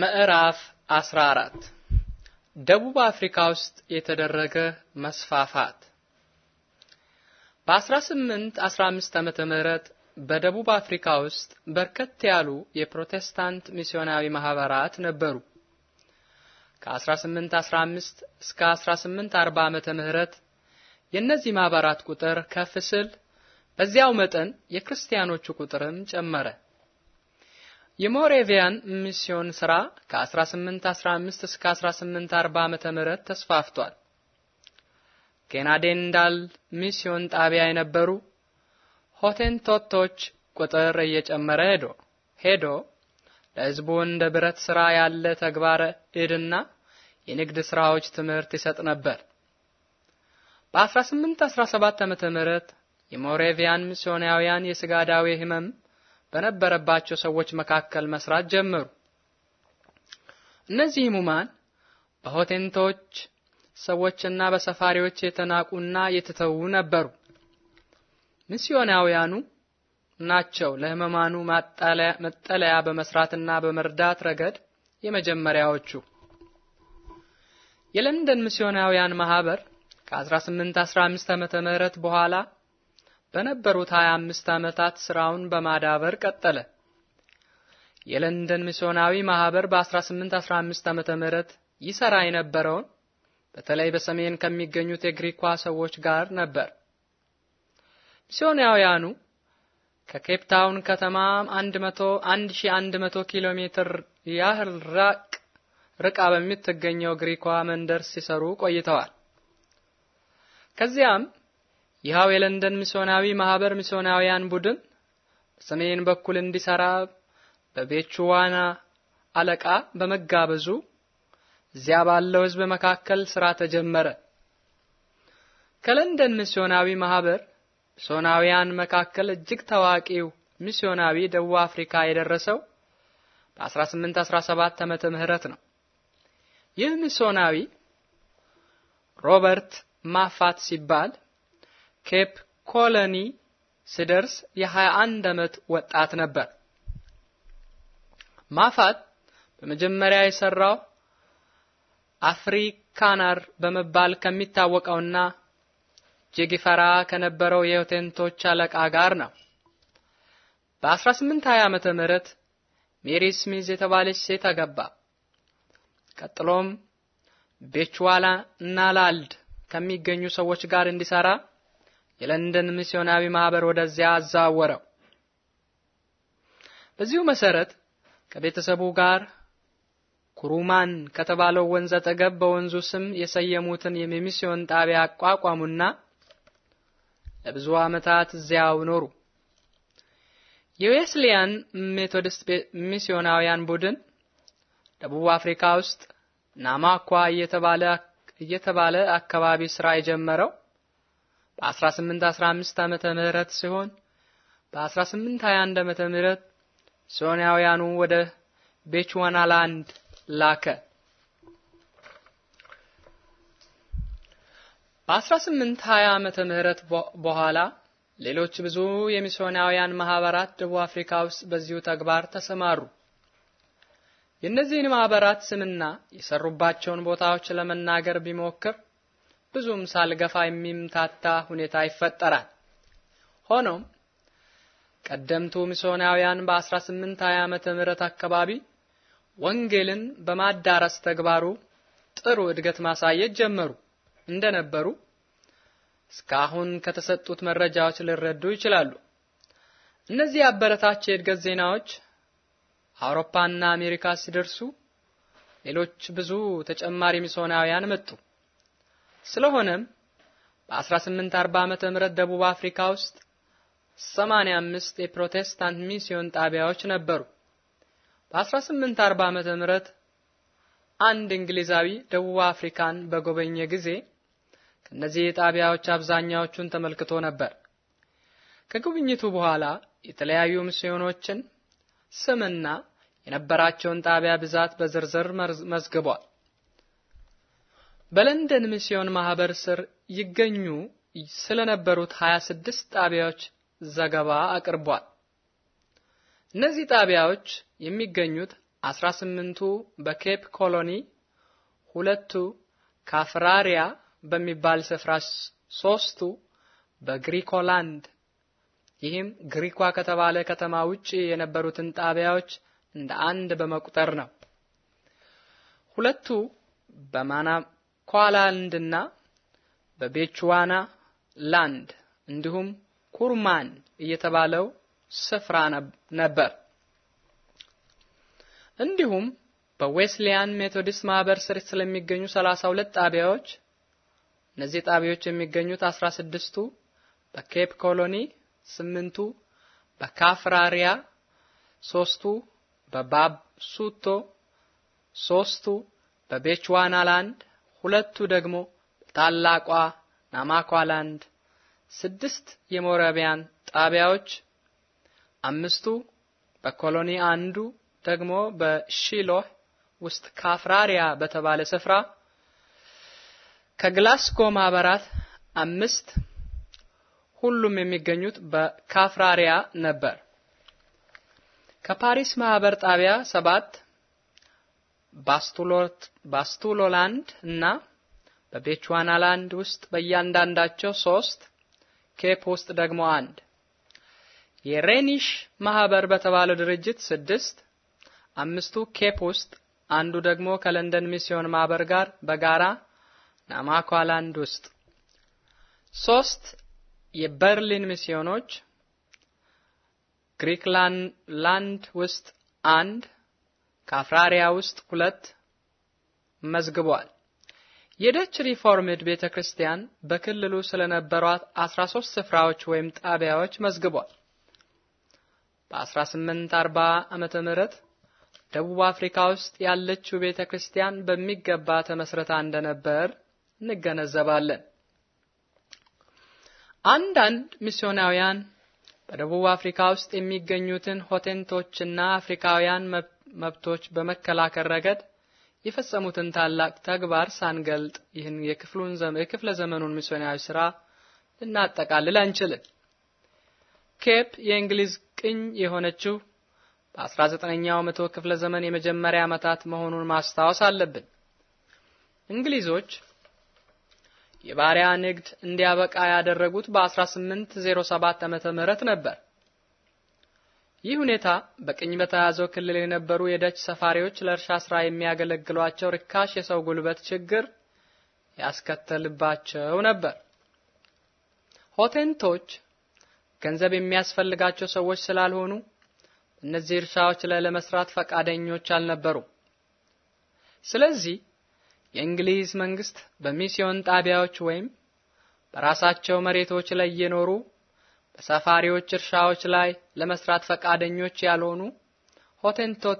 ምዕራፍ 14 ደቡብ አፍሪካ ውስጥ የተደረገ መስፋፋት በ1815 ዓመተ ምህረት በደቡብ አፍሪካ ውስጥ በርከት ያሉ የፕሮቴስታንት ሚስዮናዊ ማህበራት ነበሩ። ከ1815 እስከ 1840 ዓመተ ምህረት የእነዚህ ማህበራት ቁጥር ከፍ ስል በዚያው መጠን የክርስቲያኖቹ ቁጥርም ጨመረ። የሞሬቪያን ሚስዮን ስራ ከ1815 እስከ 1840 ዓመተ ምህረት ተስፋፍቷል። ኬናዴንዳል ሚስዮን ጣቢያ የነበሩ ሆቴንቶቶች ቁጥር እየጨመረ ሄዶ ሄዶ ለህዝቡ እንደ ብረት ስራ ያለ ተግባረ እድና የንግድ ስራዎች ትምህርት ይሰጥ ነበር። በ1817 ዓመተ ምህረት የሞሬቪያን ሚስዮናውያን የስጋዳዊ ህመም በነበረባቸው ሰዎች መካከል መስራት ጀመሩ። እነዚህ ሙማን በሆቴንቶች ሰዎችና በሰፋሪዎች የተናቁና የተተዉ ነበሩ። ሚስዮናውያኑ ናቸው ለህመማኑ መጠለያ በመስራትና በመርዳት ረገድ የመጀመሪያዎቹ። የለንደን ሚስዮናውያን ማህበር ከ1815 ዓመተ ምህረት በኋላ በነበሩት 25 ዓመታት ስራውን በማዳበር ቀጠለ። የለንደን ሚስዮናዊ ማህበር በ1815 ዓመተ ምህረት ይሰራ የነበረውን በተለይ በሰሜን ከሚገኙት የግሪኳ ሰዎች ጋር ነበር። ሚስዮናውያኑ ከኬፕ ታውን ከተማ 1100 ኪሎ ሜትር ያህል ራቅ ርቃ በምትገኘው ግሪኳ መንደር ሲሰሩ ቆይተዋል። ከዚያም ይኸው የለንደን ሚስዮናዊ ማህበር ሚስዮናውያን ቡድን በሰሜን በኩል እንዲሰራ በቤቹዋና አለቃ በመጋበዙ እዚያ ባለው ህዝብ መካከል ስራ ተጀመረ። ከለንደን ሚስዮናዊ ማህበር ሚስዮናውያን መካከል እጅግ ታዋቂው ሚስዮናዊ ደቡብ አፍሪካ የደረሰው በ1817 ዓመተ ምህረት ነው። ይህ ሚስዮናዊ ሮበርት ማፋት ሲባል ኬፕ ኮሎኒ ስደርስ የ21 ዓመት ወጣት ነበር። ማፋት በመጀመሪያ የሰራው አፍሪካናር በመባል ከሚታወቀውና ጄጊፈራ ከነበረው የሆቴንቶች አለቃ ጋር ነው። በ1820 ዓመተ ምህረት ሜሪ ስሚዝ የተባለች ሴት አገባ። ቀጥሎም ቤችዋላ እና ላልድ ከሚገኙ ሰዎች ጋር እንዲሰራ የለንደን ሚስዮናዊ ማህበር ወደዚያ አዛወረው። በዚሁ መሰረት ከቤተሰቡ ጋር ኩሩማን ከተባለው ወንዝ አጠገብ በወንዙ ስም የሰየሙትን የሚስዮን ጣቢያ አቋቋሙና ለብዙ ዓመታት እዚያው ኖሩ። የዌስሊያን ሜቶዲስት ሚስዮናውያን ቡድን ደቡብ አፍሪካ ውስጥ ናማኳ እየተባለ አካባቢ ስራ የጀመረው በ1815 ዓመተ ምህረት ሲሆን በ1821 ዓመተ ምህረት ሶኒያውያኑ ወደ ቤቹዋናላንድ ላከ። በ1820 ዓመተ ምህረት በኋላ ሌሎች ብዙ የሚስዮናውያን ማህበራት ደቡብ አፍሪካ ውስጥ በዚሁ ተግባር ተሰማሩ። የእነዚህን ማህበራት ስምና የሰሩባቸውን ቦታዎች ለመናገር ቢሞክር ብዙም ሳልገፋ የሚምታታ ሁኔታ ይፈጠራል። ሆኖም ቀደምቱ ሚስዮናውያን በ1820 ዓመተ ምህረት አካባቢ ወንጌልን በማዳረስ ተግባሩ ጥሩ እድገት ማሳየት ጀመሩ እንደነበሩ እስካሁን ከተሰጡት መረጃዎች ሊረዱ ይችላሉ። እነዚህ አበረታች የእድገት ዜናዎች አውሮፓና አሜሪካ ሲደርሱ ሌሎች ብዙ ተጨማሪ ሚስዮናውያን መጡ። ስለሆነም በ1840 ዓመተ ምህረት ደቡብ አፍሪካ ውስጥ 85 የፕሮቴስታንት ሚስዮን ጣቢያዎች ነበሩ። በ1840 ዓመተ ምህረት አንድ እንግሊዛዊ ደቡብ አፍሪካን በጎበኘ ጊዜ ከነዚህ ጣቢያዎች አብዛኛዎቹን ተመልክቶ ነበር። ከጉብኝቱ በኋላ የተለያዩ ሚስዮኖችን ስምና የነበራቸውን ጣቢያ ብዛት በዝርዝር መዝግቧል። በለንደን ሚስዮን ማህበር ስር ይገኙ ስለነበሩት 26 ጣቢያዎች ዘገባ አቅርቧል። እነዚህ ጣቢያዎች የሚገኙት 18ቱ በኬፕ ኮሎኒ፣ ሁለቱ ካፍራሪያ በሚባል ስፍራ፣ ሶስቱ በግሪኮላንድ ይህም ግሪኳ ከተባለ ከተማ ውጪ የነበሩትን ጣቢያዎች እንደ አንድ በመቁጠር ነው። ሁለቱ በማና ኳላንድና በቤቹዋና ላንድ እንዲሁም ኩርማን እየተባለው ስፍራ ነበር። እንዲሁም በዌስሊያን ሜቶዲስት ማህበር ስር ስለሚገኙ 32 ጣቢያዎች እነዚህ ጣቢያዎች የሚገኙት 16ቱ በኬፕ ኮሎኒ፣ 8 8ቱ በካፍራሪያ፣ ሶስቱ በባብሱቶ፣ ሶስቱ በቤችዋናላንድ፣ ሁለቱ ደግሞ ታላቋ ናማኳላንድ ስድስት የሞረቢያን ጣቢያዎች አምስቱ በኮሎኒ አንዱ ደግሞ በሺሎህ ውስጥ ካፍራሪያ በተባለ ስፍራ ከግላስጎ ማህበራት አምስት ሁሉም የሚገኙት በካፍራሪያ ነበር። ከፓሪስ ማህበር ጣቢያ ሰባት ባስቱሎላንድ እና በቤቹዋናላንድ ውስጥ በእያንዳንዳቸው ሶስት፣ ኬፕ ውስጥ ደግሞ አንድ፣ የሬኒሽ ማህበር በተባለው ድርጅት ስድስት፣ አምስቱ ኬፕ ውስጥ አንዱ ደግሞ ከለንደን ሚስዮን ማህበር ጋር በጋራ ናማኳላንድ ውስጥ ሶስት የበርሊን ሚስዮኖች ግሪክላንድ ውስጥ አንድ ከአፍራሪያ ውስጥ ሁለት መዝግቧል። የደች ሪፎርምድ ቤተ ክርስቲያን በክልሉ ስለነበሯት 13 ስፍራዎች ወይም ጣቢያዎች መዝግቧል። በ1840 ዓመተ ምህረት ደቡብ አፍሪካ ውስጥ ያለችው ቤተ ክርስቲያን በሚገባ ተመስረታ እንደነበር እንገነዘባለን። አንዳንድ ሚስዮናውያን በደቡብ አፍሪካ ውስጥ የሚገኙትን ሆቴንቶችና አፍሪካውያን መብቶች በመከላከል ረገድ የፈጸሙትን ታላቅ ተግባር ሳንገልጥ ይህን የክፍሉን የክፍለ ዘመኑን ሚስዮናዊ ስራ ልናጠቃልል አንችልም። ኬፕ የእንግሊዝ ቅኝ የሆነችው በ19ኛው መቶ ክፍለ ዘመን የመጀመሪያ ዓመታት መሆኑን ማስታወስ አለብን። እንግሊዞች የባሪያ ንግድ እንዲያበቃ ያደረጉት በ1807 ዓመተ ምህረት ነበር። ይህ ሁኔታ በቅኝ በተያዘው ክልል የነበሩ የደች ሰፋሪዎች ለእርሻ ስራ የሚያገለግሏቸው ርካሽ የሰው ጉልበት ችግር ያስከተልባቸው ነበር። ሆቴንቶች ገንዘብ የሚያስፈልጋቸው ሰዎች ስላልሆኑ እነዚህ እርሻዎች ላይ ለመስራት ፈቃደኞች አልነበሩ። ስለዚህ የእንግሊዝ መንግስት በሚስዮን ጣቢያዎች ወይም በራሳቸው መሬቶች ላይ እየኖሩ በሰፋሪዎች እርሻዎች ላይ ለመስራት ፈቃደኞች ያልሆኑ ሆቴንቶች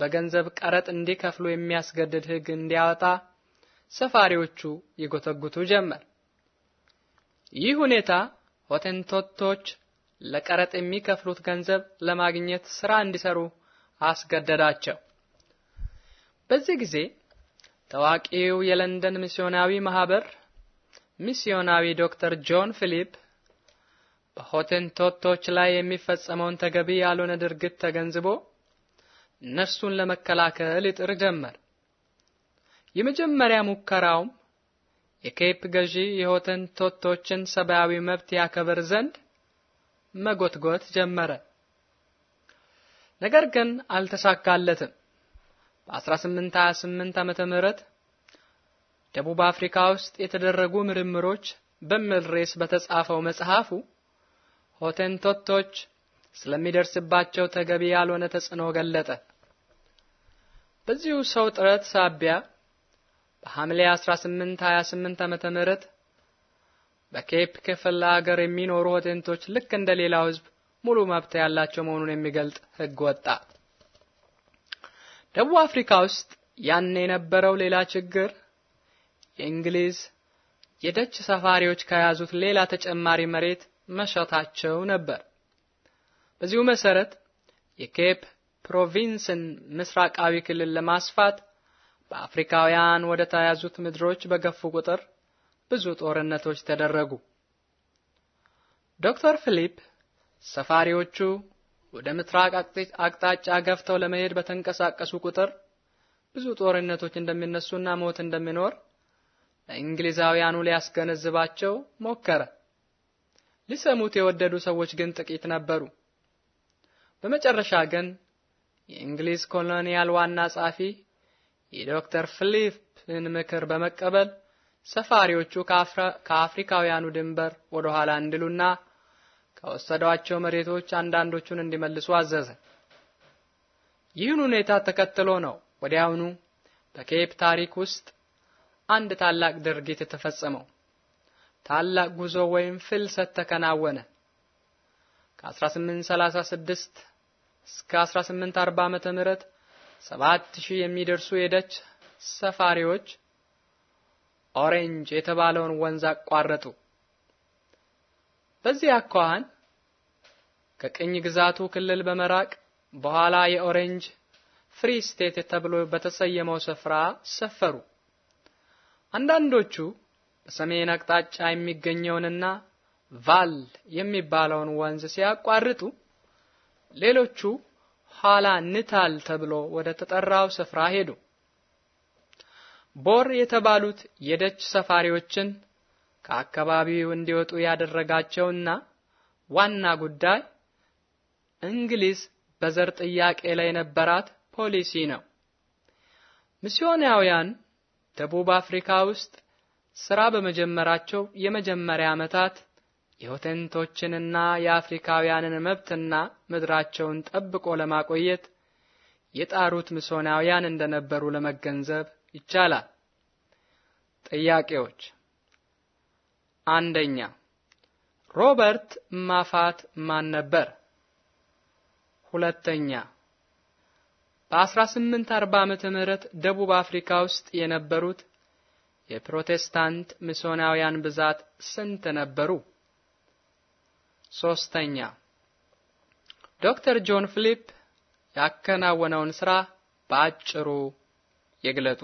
በገንዘብ ቀረጥ እንዲከፍሉ የሚያስገድድ ሕግ እንዲያወጣ ሰፋሪዎቹ ይጎተጉቱ ጀመር። ይህ ሁኔታ ሆቴንቶቶች ለቀረጥ የሚከፍሉት ገንዘብ ለማግኘት ስራ እንዲሰሩ አስገደዳቸው። በዚህ ጊዜ ታዋቂው የለንደን ሚስዮናዊ ማህበር ሚስዮናዊ ዶክተር ጆን ፊሊፕ ቶቶች ላይ የሚፈጸመውን ተገቢ ያልሆነ ድርጊት ተገንዝቦ እነርሱን ለመከላከል ይጥር ጀመር። የመጀመሪያ ሙከራውም የኬፕ ገዢ የሆቴንቶቶችን ሰብአዊ መብት ያከብር ዘንድ መጎትጎት ጀመረ። ነገር ግን አልተሳካለትም። በ1828 ዓመተ ምህረት ደቡብ አፍሪካ ውስጥ የተደረጉ ምርምሮች በሚል ርዕስ በተጻፈው መጽሐፉ ሆቴንቶቶች ስለሚደርስባቸው ተገቢ ያልሆነ ተጽዕኖ ገለጠ። በዚሁ ሰው ጥረት ሳቢያ በሐምሌ 18 28 ዓመተ ምህረት በኬፕ ክፍለ አገር የሚኖሩ ሆቴንቶች ልክ እንደ ሌላው ሕዝብ ሙሉ መብት ያላቸው መሆኑን የሚገልጥ ሕግ ወጣ። ደቡብ አፍሪካ ውስጥ ያን የነበረው ሌላ ችግር የእንግሊዝ የደች ሰፋሪዎች ከያዙት ሌላ ተጨማሪ መሬት መሻታቸው ነበር። በዚሁ መሰረት የኬፕ ፕሮቪንስን ምስራቃዊ ክልል ለማስፋት በአፍሪካውያን ወደ ተያዙት ምድሮች በገፉ ቁጥር ብዙ ጦርነቶች ተደረጉ። ዶክተር ፊሊፕ ሰፋሪዎቹ ወደ ምስራቅ አቅጣጫ ገፍተው ለመሄድ በተንቀሳቀሱ ቁጥር ብዙ ጦርነቶች እንደሚነሱና ሞት እንደሚኖር ለእንግሊዛውያኑ ሊያስገነዝባቸው ሞከረ። ሊሰሙት የወደዱ ሰዎች ግን ጥቂት ነበሩ። በመጨረሻ ግን የእንግሊዝ ኮሎኒያል ዋና ጸሐፊ የዶክተር ፊሊፕን ምክር በመቀበል ሰፋሪዎቹ ከአፍሪካውያኑ ድንበር ወደ ኋላ እንዲሉና ከወሰዷቸው መሬቶች አንዳንዶቹን እንዲመልሱ አዘዘ። ይህን ሁኔታ ተከትሎ ነው ወዲያውኑ በኬፕ ታሪክ ውስጥ አንድ ታላቅ ድርጊት የተፈጸመው። ታላቅ ጉዞ ወይም ፍልሰት ተከናወነ። ከ1836 እስከ 1840 ዓመተ ምህረት 7000 የሚደርሱ የደች ሰፋሪዎች ኦሬንጅ የተባለውን ወንዝ አቋረጡ። በዚህ አኳኋን ከቅኝ ግዛቱ ክልል በመራቅ በኋላ የኦሬንጅ ፍሪ ስቴት ተብሎ በተሰየመው ስፍራ ሰፈሩ። አንዳንዶቹ በሰሜን አቅጣጫ የሚገኘውንና ቫል የሚባለውን ወንዝ ሲያቋርጡ ሌሎቹ ኋላ ንታል ተብሎ ወደ ተጠራው ስፍራ ሄዱ። ቦር የተባሉት የደች ሰፋሪዎችን ከአካባቢው እንዲወጡ ያደረጋቸውና ዋና ጉዳይ እንግሊዝ በዘር ጥያቄ ላይ የነበራት ፖሊሲ ነው። ሚስዮናውያን ደቡብ አፍሪካ ውስጥ ስራ በመጀመራቸው የመጀመሪያ ዓመታት የወተንቶችንና የአፍሪካውያንን መብትና ምድራቸውን ጠብቆ ለማቆየት የጣሩት ምሶናውያን እንደነበሩ ለመገንዘብ ይቻላል። ጥያቄዎች፣ አንደኛ ሮበርት ማፋት ማን ነበር? ሁለተኛ በ1840 ዓመተ ምህረት ደቡብ አፍሪካ ውስጥ የነበሩት የፕሮቴስታንት ሚስዮናውያን ብዛት ስንት ነበሩ? ሶስተኛ ዶክተር ጆን ፊሊፕ ያከናወነውን ስራ በአጭሩ ይግለጡ።